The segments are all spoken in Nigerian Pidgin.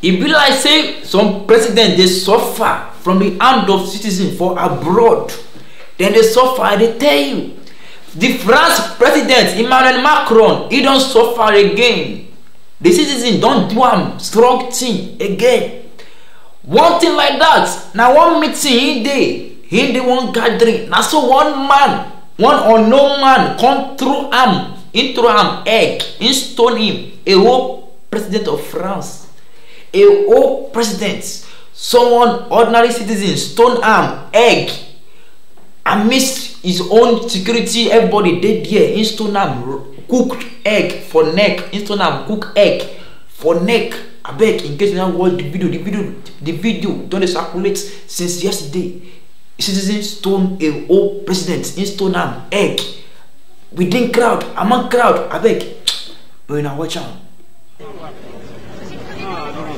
e be like say some president dey suffer from the hand of citizen for abroad dem dey suffer i dey tell you the france president emmanuel macron e don suffer again the citizen don do am strong thing again one thing like that na one meeting he dey he dey one gathering na so one man one unknown man come through am into am egg he stone him a whole president of france a whole president someone ordinary citizen stone arm egg amidst his own security everybody dey there him stone arm, cooked egg for neck him stone arm, cook egg for neck abeg in case you never watch the video the video the video don dey circulate since yesterday citizen stone a whole president him stone arm egg within crowd among crowd abeg una watch am.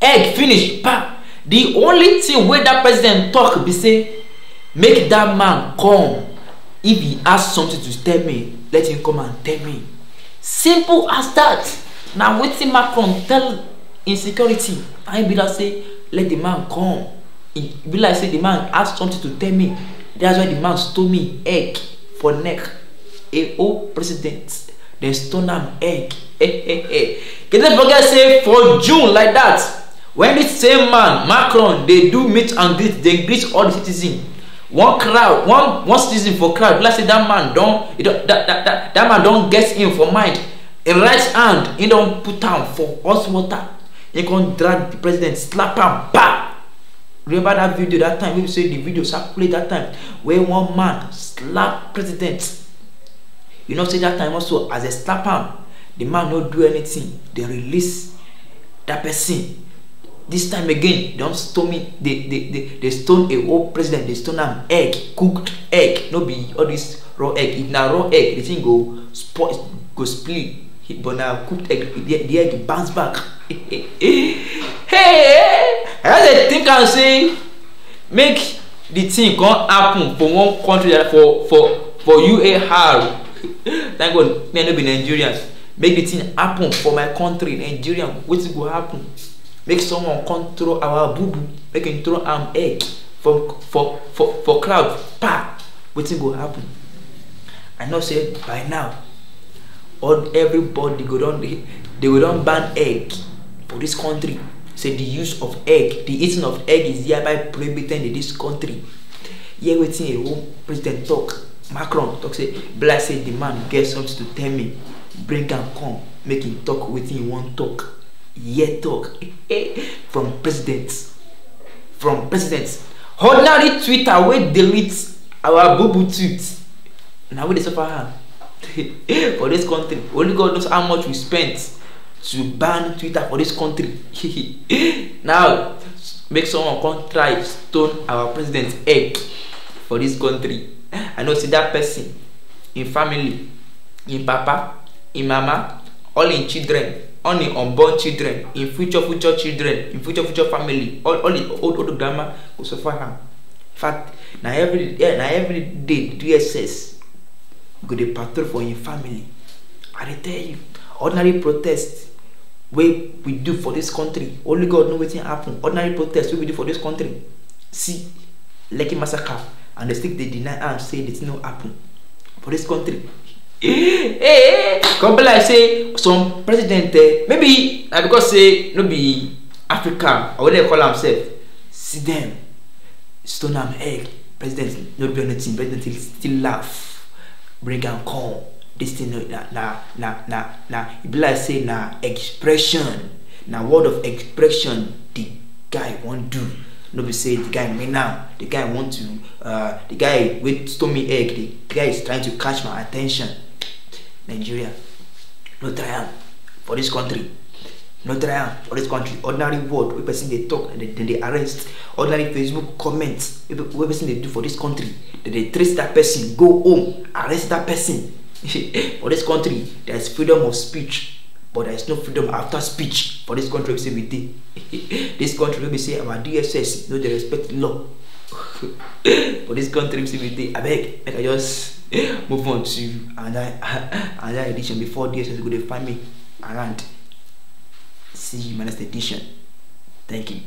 egg finish pa the only thing wey that president talk be say make that man come if he ask something to tell me let him come and tell me simple as dat na wetin macron tell insecurity na him be like say let the man come e be like say the man ask something to tell me that's why the man stone me egg for neck a old president dem stone am egg eh eh eh say for june like that when dis same man macron dey do meet and greet dey greet all the citizens one crowd one one citizen for crowd be like say that man don get him for mind him right hand him don put am for hot water him con drag the president slap am back remember that video that time wey be say di video circulate that time wey one man slap president you know say that time also as dem slap am the man no do anything They release that person this time again don stone me They they they they stone a whole president They stone am egg cooked egg no be all this raw egg if na raw egg the thing go spoil go split but na cooked egg the, the egg bounce back hey i just dey think am say make the thing come happen for one country for for for uar thank god me i no be nigerian make the thing happen for my country nigeria wetin go happen. Make someone control our boo boo. Make him throw am egg for for for for crowd. Pa, wetin go happen? I know say by now, all everybody go don dey they go don ban egg for dis country. Say the use of egg, the eating of egg is hereby prohibited in dis country. Hear wetin a whole president talk. Macron talk say be like say the man get something to tell me. Bring am come, make him talk wetin he wan talk. Yet talk eh, from presidents from presidents ordinary twitter wey delete our boo tweets na we dey suffer am for dis country only god knows how much we spent to ban twitter for dis country now make someone come try stone our president egg for dis country i know say dat person im family im papa im mama all im children Only unborn children in future future children in future future family all all the old old grandma go suffer am fact na every yeah, na every day dss go dey patrol for im family i dey tell you ordinary protest wey we do for dis country only god know wetin happen ordinary protest wey we do for dis country see lekki massacre and dem still dey deny am say the thing no happen for dis country Eh, eh, eh. come be like say some president eh maybe na because say no be african or whatever they call am sef see dem stone am egg president no be anything president still, still laugh bring am come this thing na na na na na e be like say na expression na word of expression the guy wan do no be say the guy mean am the guy want to uh, the guy wey stone me egg the guy is trying to catch my attention. Nigeria. No triumph for this country. No triumph for this country. Ordinary word we person they talk then they arrest. Ordinary Facebook comment we person they do for this country dem dey trace dat person go home arrest that person. For this country there is freedom of speech but there is no freedom after speech for this country We say we dey. Dis country we be say our DSS no they respect law. for this country wey say we dey abeg make I just move on to another another edition before this is going to find me around see you in my next edition thank you